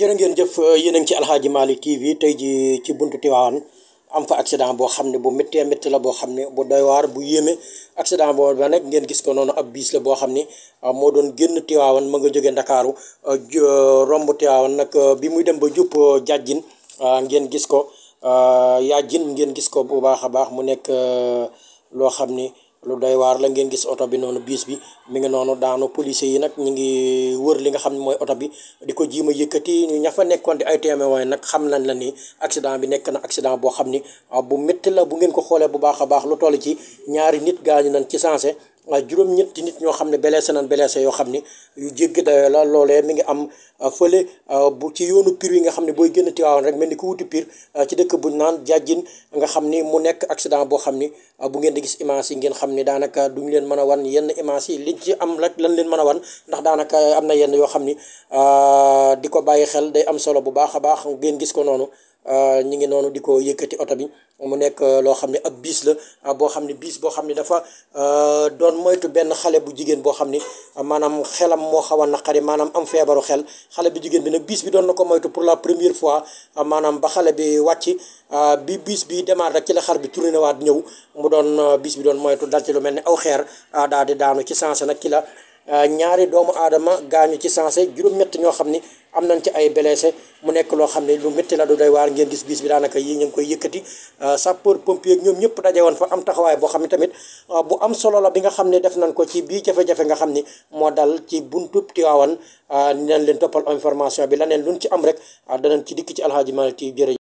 jërë ngeen jëf euh, yéen a ngi ci Aladji Malick TV tey ji ci buntu Tivaouane am fa accident boo xam ne bu méttee métti la boo xam ne bu doy waar bu yéeme accident boo ba nag ngeen gis ko noonu ab biis boo xam ne euh, moo doon génn Tivaouane ma nga jóge Ndakaaru euh, romb Tivaouane nag bi muy dem ba jub jàjjin ngeen gis ko yaajin ngeen gis ko bu baax a baax mu nekk loo xam ni lu doy waar la ngeen gis oto bi noonu biis bi mi ngi noonu daanu policier yi nag ñu ngi wër li nga xam ne mooy oto bi di ko jiima yëkkati ñu ña fa nekkoon di ay témoin nag xam nañ la ni accident bi nekk na accident boo xam ni ah, bu métti la bu ngeen ko xoolee bu baax a baax lu toll ci ñaari nit gaañu nañ ci sensé juróom-ñetti nit ñoo xam ne blessé nañ blessé yoo xam ni yu jéggi dayoo la loolee mi ngi am ah, fële ah, bu ci yoonu Pire yi nga xam ne booy génn Tiwaawan rek mel ni ku wuti Pire ah, ci dëkk buñ naan jàjjin nga xam ni mu nekk accident boo xam ni bu ngeen di gis image yi ngeen xam ni daanaka duñ leen mën a wan yenn image yi liñ ci am rek lan leen mën a wan ndax daanaka am na yenn yoo xam ni di ko bàyyi xel day am solo bu baax a baax ngeen gis ko noonu Euh, ñu ngi noonu di ko yëkkati oto bi mu nekk euh, loo xam ne ab biis la euh, boo xam ne biis boo xam ne dafa doon moytu benn xale bu jigéen boo xam ne maanaam xelam moo xaw a naqari maanaam am feebaru xel xale bu jigéen bi nag biis bi doon na ko moytu pour la première fois maanaam ba xale bi wàcc bi biis bi demaat rek ci la xar bi tourné ñëw mu doon biis bi doon moytu dal ci lu mel ni aw xeer daal di daanu ci sensé nag kila Euh, ñaari doomu aadama gaañu ci sensé juróom-ñett ñoo xam ni am nañ ci ay blessé mu nekk loo xam ne lu métti la du doy waar ngeen gis bis bi daanaka yi ñu ngi koy yëkkati euh, sapeur pompier ñoom ñëpp daje woon fa am taxawaay boo xam ne tamit euh, bu am solo la bi nga xam ne def nañ ko ci bii jafe-jafe nga xam ni moo dal ci buntu Tiwaawan dinañ leen toppal information bi laneen luñ ci am rek danañ ci dikk ci Aladji Malick TV jërëjëf